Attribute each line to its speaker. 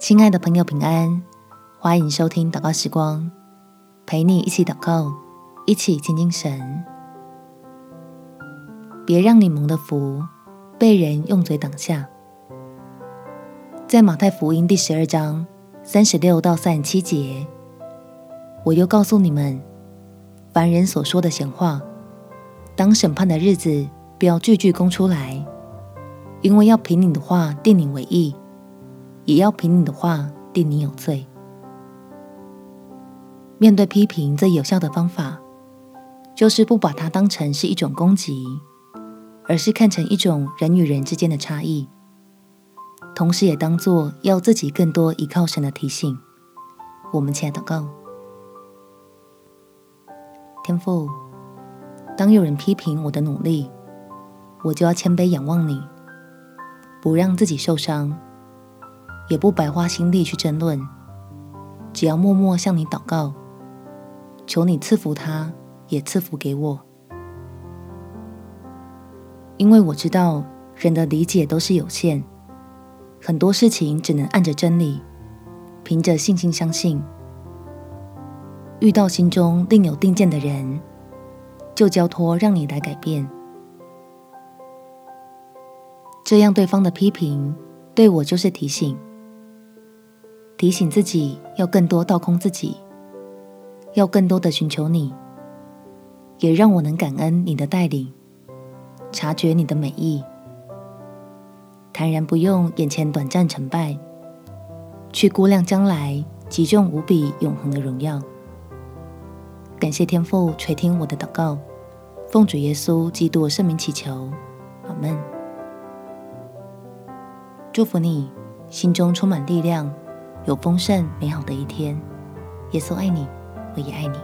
Speaker 1: 親愛的朋友，平安，歡迎收聽禱告時光，陪你一起禱告，一起親近神。別讓你蒙的福，被人用嘴擋下。在馬太福音第十二章三十六到三十七節，我又告訴你們，凡人所說的閒話，當審判的日子，不要句句供出來，因為要憑你的話定你為義。也要憑你的話定你有罪。面對批評，最有效的方法就是不把它當成是一種攻擊，而是看成一種人與人之間的差異，同時也當作要自己更多倚靠神的提醒。我們一起來禱告，天父，當有人批評我的努力，我就要謙卑仰望你，不讓自己受傷。也不白花心力去爭論，只要默默向你禱告，求你賜福他，也賜福給我。因為我知道人的理解都是有限，很多事情只能按着真理，憑着信心相信。遇到心中另有定見的人，就交托讓你來改變，這樣對方的批評對我就是提醒。提醒自己要更多倒空自己，要更多的尋求你，也讓我能感恩你的帶領，察覺你的美意，坦然不用眼前短暫成敗去估量將來極重無比永恆的榮耀。感謝天父垂聽我的禱告，奉主耶穌基督聖名祈求，阿門。祝福你，心中充滿力量。有豐盛美好的一天，耶穌愛你，我也愛你。